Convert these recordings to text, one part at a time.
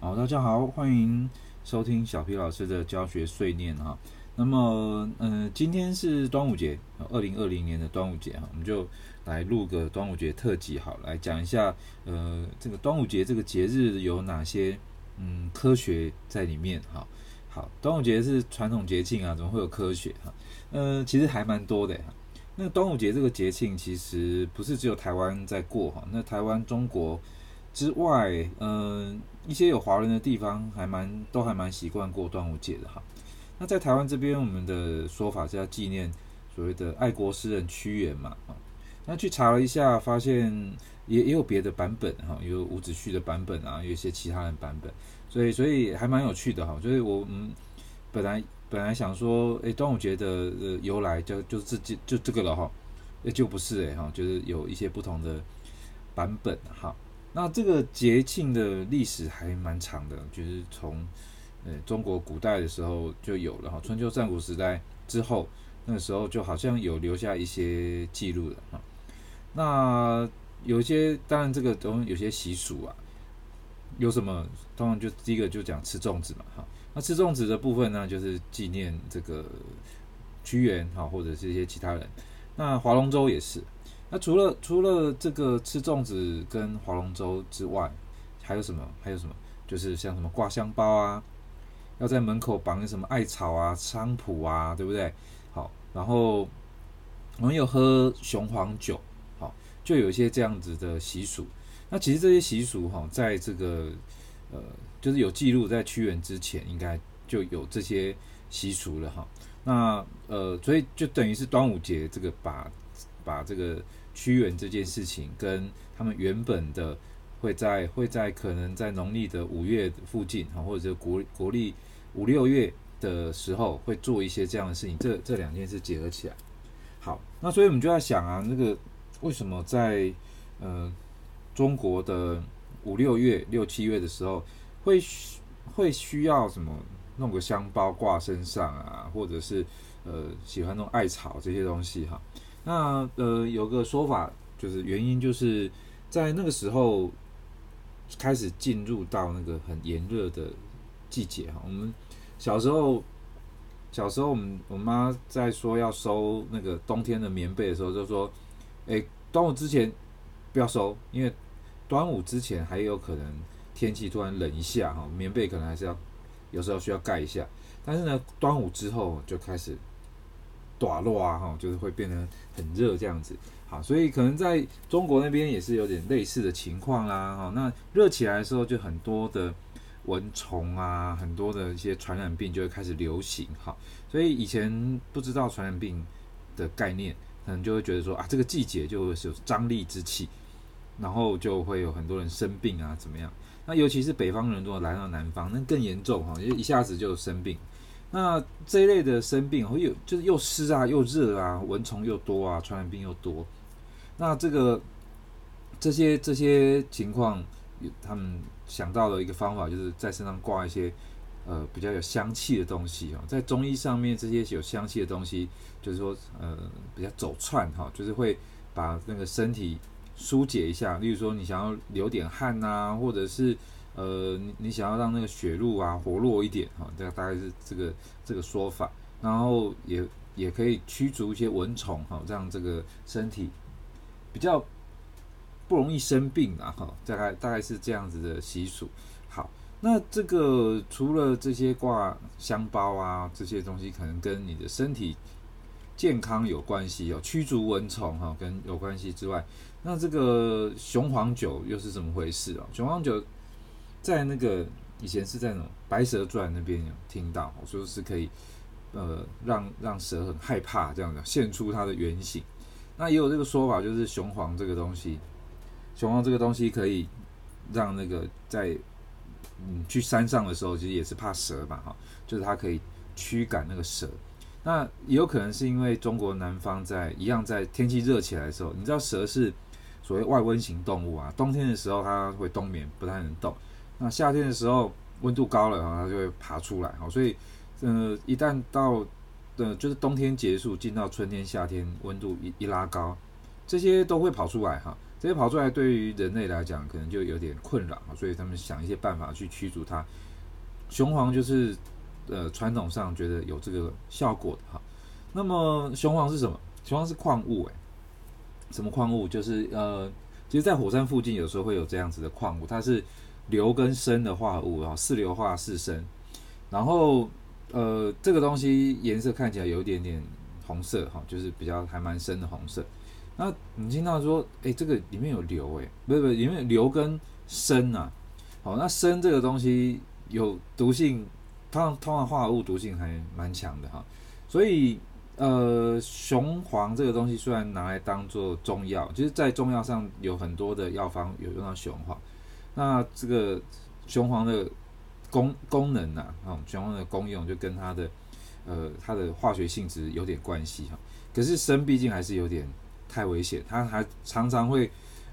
好，大家好，歡迎收聽小皮老師的教學碎念哈。那麼，嗯、呃，今天是端午節，二零二零年的端午節哈，我們就來錄個端午節特輯，哈，來講一下，呃，這個端午節這個節日有哪些，嗯，科學在裡面哈。好，端午節是傳統節慶啊，怎麼會有科學哈？呃，其實還蠻多的哈。那端午節這個節慶其實不是只有台灣在過哈，那台灣、中國之外，嗯、呃。一些有華人的地方還蠻都還蠻習慣過端午節的哈。那在台灣這邊，我們的說法是要紀念所謂的愛國詩人屈原嘛、哦。那去查了一下，發現也也有別的版本哈、哦，有伍子胥的版本啊，有一些其他人版本，所以所以還蠻有趣的哈、哦。所以我們、嗯、本來本來想說，誒端午節的呃由來就就這就這個了哈、哦欸，就不是誒、欸、哈、哦，就是有一些不同的版本哈。那這個節慶的歷史還蠻長的，就是從呃中國古代的時候就有了哈，春秋戰國時代之後，那個時候就好像有留下一些記錄了哈。那有些，當然這個東有些習俗啊，有什麼，當然就第一個就講吃粽子嘛哈。那吃粽子的部分呢，就是紀念這個屈原哈，或者是一些其他人。那划龍舟也是。那除了除了這個吃粽子跟划龍舟之外，還有什麼？還有什麼？就是像什麼掛香包啊，要在門口綁什麼艾草啊、菖蒲啊，對不對？好，然後我們有喝雄黃酒，好，就有一些這樣子的習俗。那其實這些習俗哈，在這個呃，就是有記錄在屈原之前，應該就有這些習俗了哈。那呃，所以就等於是端午節這個把。把這個屈原這件事情跟他們原本的會在，會在可能在農曆的五月附近，或者是國國曆五六月的時候會做一些這樣的事情，這這兩件事結合起來。好，那所以我們就在想啊，那個為什麼在呃中國的五六月六七月的時候會會需要什麼弄個香包掛身上啊，或者是呃喜歡弄艾草這些東西哈、啊？那呃，有個說法，就是原因就是，在那個時候，開始進入到那個很炎熱的季節哈。我們小時候，小時候我們我媽在說要收那個冬天的棉被的時候，就說，哎，端午之前不要收，因為端午之前還有可能天氣突然冷一下哈，棉被可能還是要有時候需要蓋一下。但是呢，端午之後就開始。短落啊，哈，就是會變得很熱這樣子，好，所以可能在中國那邊也是有點類似的情況啦，哈，那熱起來的時候，就很多的蚊蟲啊，很多的一些傳染病就會開始流行，哈，所以以前不知道傳染病的概念，可能就會覺得說啊，這個季節就是有瘴癘之氣，然後就會有很多人生病啊，怎麼樣？那尤其是北方人如果來到南方，那更嚴重哈，就一下子就生病。那這一類的生病，又就是又濕啊，又熱啊，蚊蟲又多啊，傳染病又多。那這個這些這些情況，他們想到的一個方法，就是在身上掛一些呃比較有香氣的東西啊。在中醫上面，這些有香氣的東西，就是說呃比較走竄哈、哦，就是會把那個身體疏解一下。例如說，你想要流點汗啊，或者是。呃，你你想要讓那個血路啊活絡一點哈，這、哦、大概是這個這個說法，然後也也可以驅逐一些蚊蟲哈、哦，讓這個身體比較不容易生病啊，後、哦、大概大概是這樣子的習俗。好，那這個除了這些掛香包啊這些東西可能跟你的身體健康有關係哦，驅逐蚊蟲哈、哦、跟有關係之外，那這個雄黃酒又是怎麼回事哦？雄黃酒。在那個以前是在那種《白蛇傳》那邊有聽到，說是可以呃讓讓蛇很害怕這樣子，現出它的原形。那也有這個說法，就是雄黃這個東西，雄黃這個東西可以讓那個在你去山上的時候，其實也是怕蛇嘛哈，就是它可以驅趕那個蛇。那也有可能是因為中國南方在一樣在天氣熱起來的時候，你知道蛇是所謂外溫型動物啊，冬天的時候它會冬眠，不太能動。那夏天的時候溫度高了，它就會爬出來哈。所以，呃，一旦到，呃，就是冬天結束，進到春天、夏天，溫度一一拉高，這些都會跑出來哈。這些跑出來對於人類來講可能就有點困擾，所以他們想一些辦法去驅逐它。雄黃就是，呃，傳統上覺得有這個效果的哈。那麼雄黃是什麼？雄黃是礦物，欸，什麼礦物？就是呃，其實，在火山附近有時候會有這樣子的礦物，它是。硫跟砷的化合物啊，四硫化四砷，然後呃，這個東西顏色看起來有一點點紅色哈，就是比較還蠻深的紅色。那你聽到說，哎，這個裡面有硫哎，不是不是，裡面有硫跟砷啊。好、哦，那砷這個東西有毒性，它通，通常化合物毒性還蠻強的哈。所以呃，雄黃這個東西雖然拿來當做中藥，就是在中藥上有很多的藥方有用到雄黃。那這個雄黃的功功能吶，啊，雄黃的功用就跟它的，呃，它的化學性質有點關係哈，啊。可是砷畢竟還是有點太危險，它還常常會，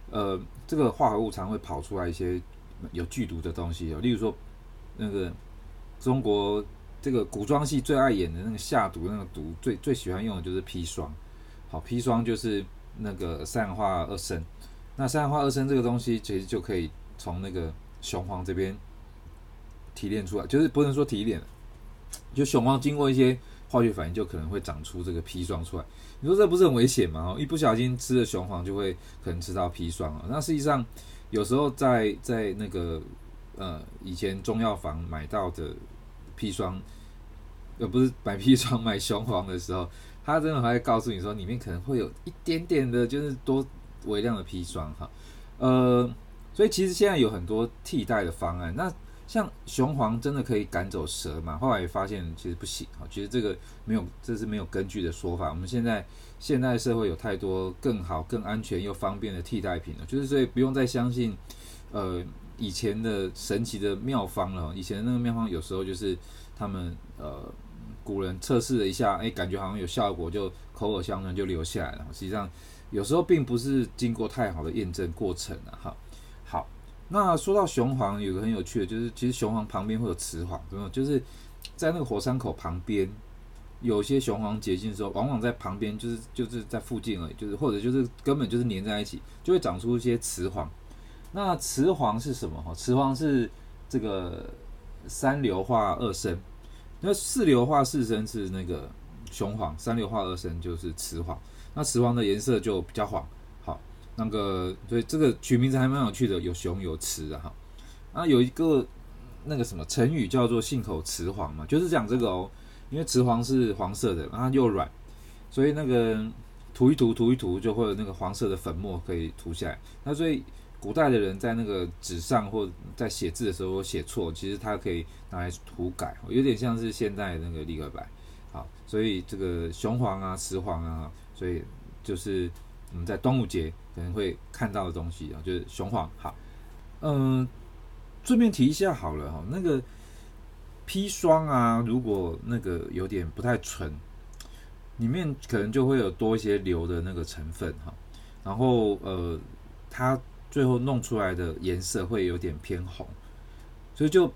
呃，這個化合物常會跑出來一些有劇毒的東西啊。例如說，那個中國這個古裝戲最愛演的那個下毒那個毒最，最最喜歡用的就是砒霜。好，砒霜就是那個三氧化二砷。那三氧化二砷這個東西其實就可以。從那個雄黃這邊提煉出來，就是不能說提煉，就雄黃經過一些化學反應，就可能會長出這個砒霜出來。你說這不是很危險嗎？哦，一不小心吃的雄黃就會可能吃到砒霜。那實際上有時候在在那個呃以前中藥房買到的砒霜，呃不是買砒霜，買雄黃的時候，他真的還會告訴你說裡面可能會有一點點的，就是多微量的砒霜哈，呃。所以其實現在有很多替代的方案。那像雄黃真的可以趕走蛇嗎？後來也發現其實不行，其實這個沒有，這是沒有根據的說法。我們現在現在的社會有太多更好、更安全又方便的替代品了，就是所以不用再相信呃以前的神奇的妙方了。以前的那個妙方有時候就是他們呃古人測試了一下，哎感覺好像有效果，就口耳相傳就留下來了。實際上有時候並不是經過太好的驗證過程了哈。那說到雄黃，有個很有趣的，就是其實雄黃旁邊會有雌黃，有沒有？就是在那個火山口旁邊，有些雄黃結晶的時候，往往在旁邊，就是就是在附近而已，就是或者就是根本就是黏在一起，就會長出一些雌黃。那雌黃是什麼？哈，雌黃是這個三硫化二砷，那四硫化四砷是那個雄黃，三硫化二砷就是雌黃。那雌黃的顏色就比較黃。那個，所以這個取名字還蠻有趣的，有雄有雌的哈。啊，有一個那個什麼成語叫做信口雌黃嘛，就是講這個哦。因為雌黃是黃色的，然後它又軟，所以那個塗一塗塗一塗，就會有那個黃色的粉末可以塗下來。那所以古代的人在那個紙上或在寫字的時候寫錯，其實他可以拿來塗改，有點像是現在的那個立可白。好，所以這個雄黃啊，雌黃啊，所以就是。我們在端午節可能會看到的東西，啊，就是雄黃。好，嗯、呃，順便提一下好了哈，哦，那個砒霜啊，如果那個有點不太純，裡面可能就會有多一些硫的那個成分哈，啊。然後呃，它最後弄出來的顏色會有點偏紅，所以就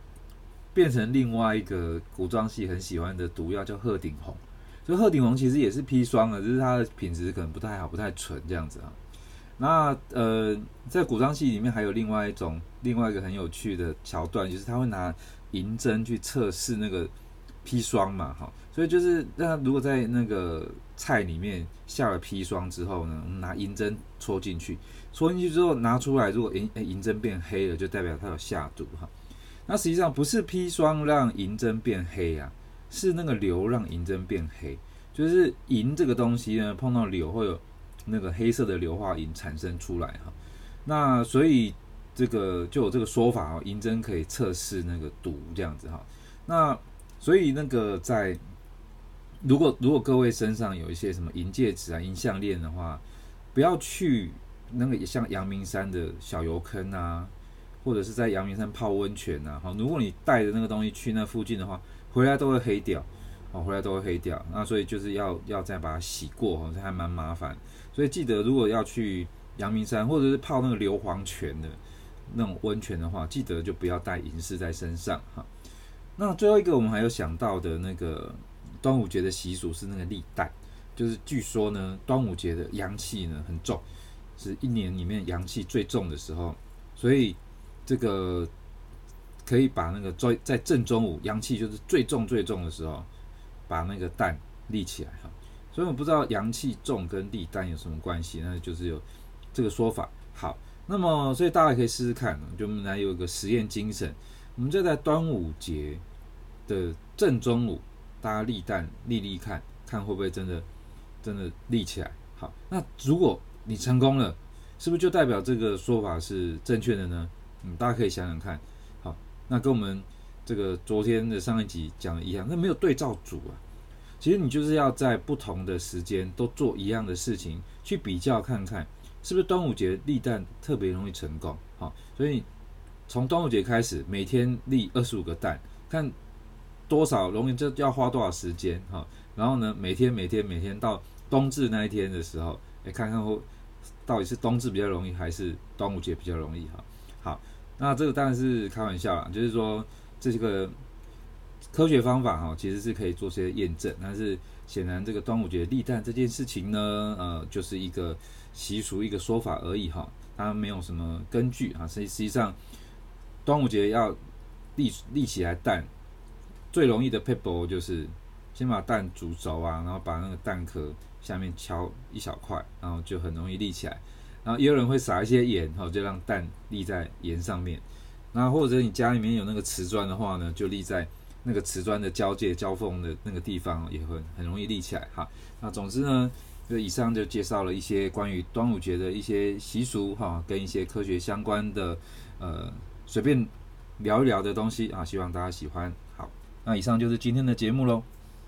變成另外一個古裝戲很喜歡的毒藥，叫鶴頂紅。就鶴頂紅其實也是砒霜啊，只是它的品質可能不太好，不太純這樣子啊。那呃，在古裝戲裡面還有另外一種，另外一個很有趣的橋段，就是他會拿銀針去測試那個砒霜嘛，哈。所以就是，那如果在那個菜裡面下了砒霜之後呢，我們拿銀針戳進去，戳進去之後拿出來，如果銀哎銀針變黑了，就代表它有下毒，哈。那實際上不是砒霜讓銀針變黑呀。是那個硫讓銀針變黑，就是銀這個東西呢，碰到硫會有那個黑色的硫化銀產生出來哈。那所以這個就有這個說法哦，銀針可以測試那個毒這樣子哈。那所以那個在，如果如果各位身上有一些什麼銀戒指啊、銀項鏈的話，不要去那個像陽明山的小油坑啊，或者是在陽明山泡溫泉啊，哈，如果你帶着那個東西去那附近的話。回來都會黑掉，哦，回來都會黑掉，那所以就是要要再把它洗過，好像還蠻麻煩。所以記得，如果要去陽明山或者是泡那個硫磺泉的那種溫泉的話，記得就不要帶銀飾在身上，哈。那最後一個，我們還有想到的那個端午節的習俗是那個立蛋，就是據說呢，端午節的陽氣呢很重，是一年裡面陽氣最重的時候，所以這個。可以把那個在在正中午陽氣就是最重最重的時候，把那個蛋立起來哈。所以我不知道陽氣重跟立蛋有什麼關係，那就是有這個說法。好，那麼所以大家可以試試看，就我們來有個實驗精神。我們就在端午節的正中午，大家立蛋立立看，看會不會真的真的立起來。好，那如果你成功了，是不是就代表這個說法是正確的呢？嗯，大家可以想想看。那跟我們這個昨天的上一集講的一樣，那沒有對照組啊。其實你就是要在不同的時間都做一樣的事情，去比較看看是不是端午節立蛋特別容易成功。哈、哦，所以從端午節開始，每天立二十五個蛋，看多少容易，就要花多少時間。哈、哦，然後呢，每天每天每天到冬至那一天的時候，來看看到底是冬至比較容易，還是端午節比較容易。哈、哦，好。那這個當然是開玩笑啦，就是說，這個科學方法哈、哦，其實是可以做些驗證。但是顯然，這個端午節立蛋這件事情呢，呃，就是一個習俗、一個說法而已哈、哦，它沒有什麼根據啊。實實際上，端午節要立立起來蛋，最容易的撇步就是先把蛋煮熟啊，然後把那個蛋殼下面敲一小塊，然後就很容易立起來。啊，也有人會撒一些鹽，哈、哦，就讓蛋立在鹽上面。那或者你家裡面有那個瓷磚的話呢，就立在那個瓷磚的交界交縫的那個地方，也很很容易立起來，哈、啊。那總之呢，就以上就介紹了一些關於端午節的一些習俗，哈、啊，跟一些科學相關的，呃，隨便聊一聊的東西啊，希望大家喜歡。好，那以上就是今天的節目嘍。